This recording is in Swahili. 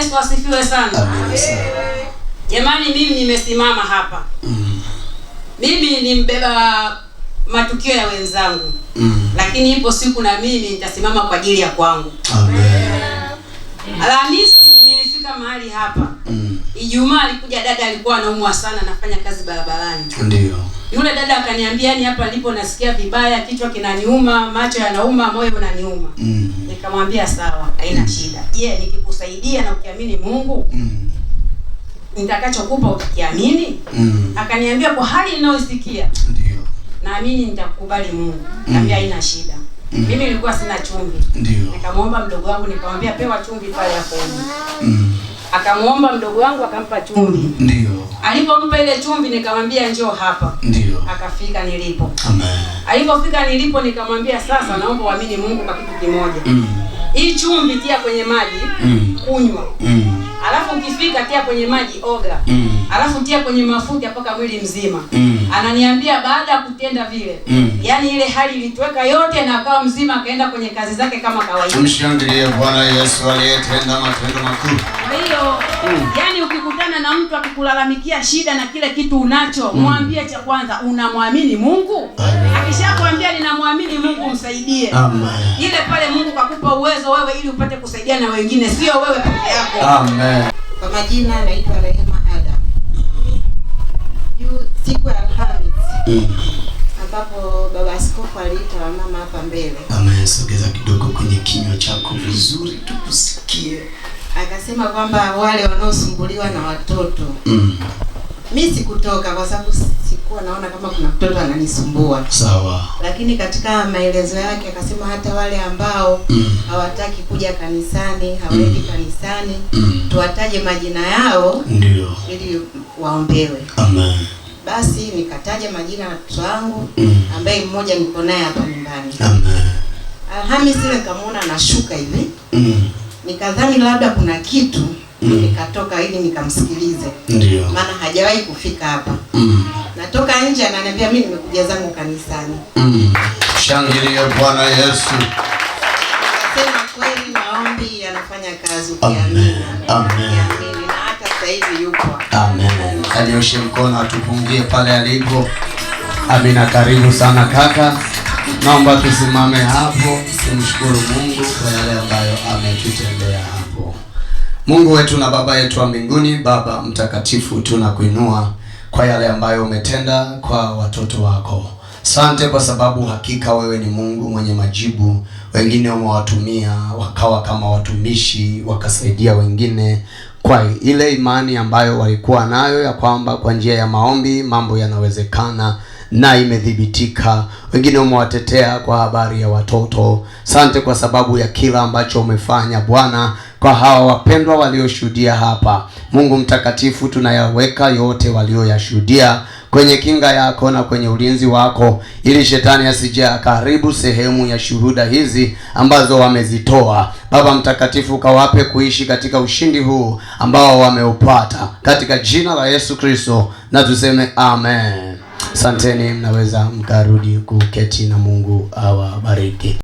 Yesu asifiwe sana. Jamani, mimi nimesimama hapa mm. mimi ni mbeba matukio ya wenzangu mm. lakini ipo siku na mimi nitasimama kwa ajili ya kwangu. Amen. Alhamisi nilifika mahali hapa mm. Ijumaa alikuja dada, alikuwa anaumwa sana, anafanya kazi barabarani. Ndio yule dada akaniambia, ni yaani hapa nilipo nasikia vibaya, kichwa kinaniuma, macho yanauma, moyo unaniuma mm. Nikamwambia sawa, haina mm. shida. Je, yeah, nikikusaidia na ukiamini Mungu mm. nitakachokupa ukiamini mm. Akaniambia kwa hali ninayosikia ndio naamini nitakubali Mungu. Mm. Nikamwambia haina mm. shida mm. Mimi nilikuwa sina chumvi, nikamwomba mdogo wangu, nikamwambia pewa chumvi pale hapo mm. Akamwomba mdogo wangu akampa chumvi, ndio Alipompa ile chumvi nikamwambia njoo hapa. Ndio. Akafika nilipo. Amen. Alipofika nilipo nikamwambia sasa naomba uamini Mungu kwa kitu kimoja. Mm. Hii chumvi tia kwenye maji, mm. kunywa. Mm. Alafu ukifika tia kwenye maji oga. Mm. Alafu tia kwenye mafuta mpaka mwili mzima. Mm. Ananiambia baada ya kutenda vile. Mm. Yaani ile hali ilitoweka yote na akawa mzima akaenda kwenye kazi zake kama kawaida. Tumshangilie Bwana Yesu aliyetenda matendo makubwa. Kwa hiyo wa kukulalamikia shida na kile kitu unacho, mm. mwambie cha kwanza unamwamini Mungu. Akishakwambia ninamwamini Mungu, msaidie Amen. Ile pale Mungu kakupa uwezo wewe ili upate kusaidia na wengine, sio wewe peke yako. Kwa majina naitwa Rehema Adam. Juu siku ya Alhamisi mm. ambapo baba askofu aliita mama hapa mbele. Amen. Sogeza kidogo kwenye kinywa chako vizuri tukusikie akasema kwamba wale wanaosumbuliwa na watoto mm. Mi sikutoka kwa sababu sikuwa naona kama kuna mtoto ananisumbua. Sawa. Lakini katika maelezo yake akasema hata wale ambao mm. hawataki kuja kanisani, hawaendi mm. kanisani mm. tuwataje majina yao ndio ili waombewe. Amen. Basi nikataja majina ya watoto wangu mm. ambaye mmoja niko naye hapa nyumbani. Amen. Alhamisi ile nikamwona anashuka hivi mm nikadhani labda kuna kitu mm. nikatoka ili nikamsikilize, ndio maana hajawahi kufika hapa mm. natoka nje ananiambia mimi nimekuja zangu kanisani mm. Shangilie Bwana Yesu. Sema kweli, maombi yanafanya kazi. Amen. Amen. hata sasa hivi Amen. Anyoshe mkono atupungie pale alipo. Amina. Karibu sana kaka, naomba tusimame hapo tumshukuru Mungu kwa yale ambayo ametutendea hapo. Mungu wetu na Baba yetu wa mbinguni, Baba mtakatifu, tunakuinua kwa yale ambayo umetenda kwa watoto wako. Sante kwa sababu hakika wewe ni Mungu mwenye majibu. Wengine umewatumia wakawa kama watumishi, wakasaidia wengine, kwa ile imani ambayo walikuwa nayo ya kwamba kwa njia ya maombi mambo yanawezekana na imethibitika. Wengine umewatetea kwa habari ya watoto. Sante kwa sababu ya kila ambacho umefanya Bwana kwa hawa wapendwa walioshuhudia hapa. Mungu mtakatifu, tunayaweka yote walioyashuhudia kwenye kinga yako na kwenye ulinzi wako, ili shetani asije akaribu sehemu ya shuhuda hizi ambazo wamezitoa. Baba Mtakatifu, kawape kuishi katika ushindi huu ambao wameupata, katika jina la Yesu Kristo na tuseme amen. Asanteni, mnaweza mkarudi kuketi na Mungu awabariki.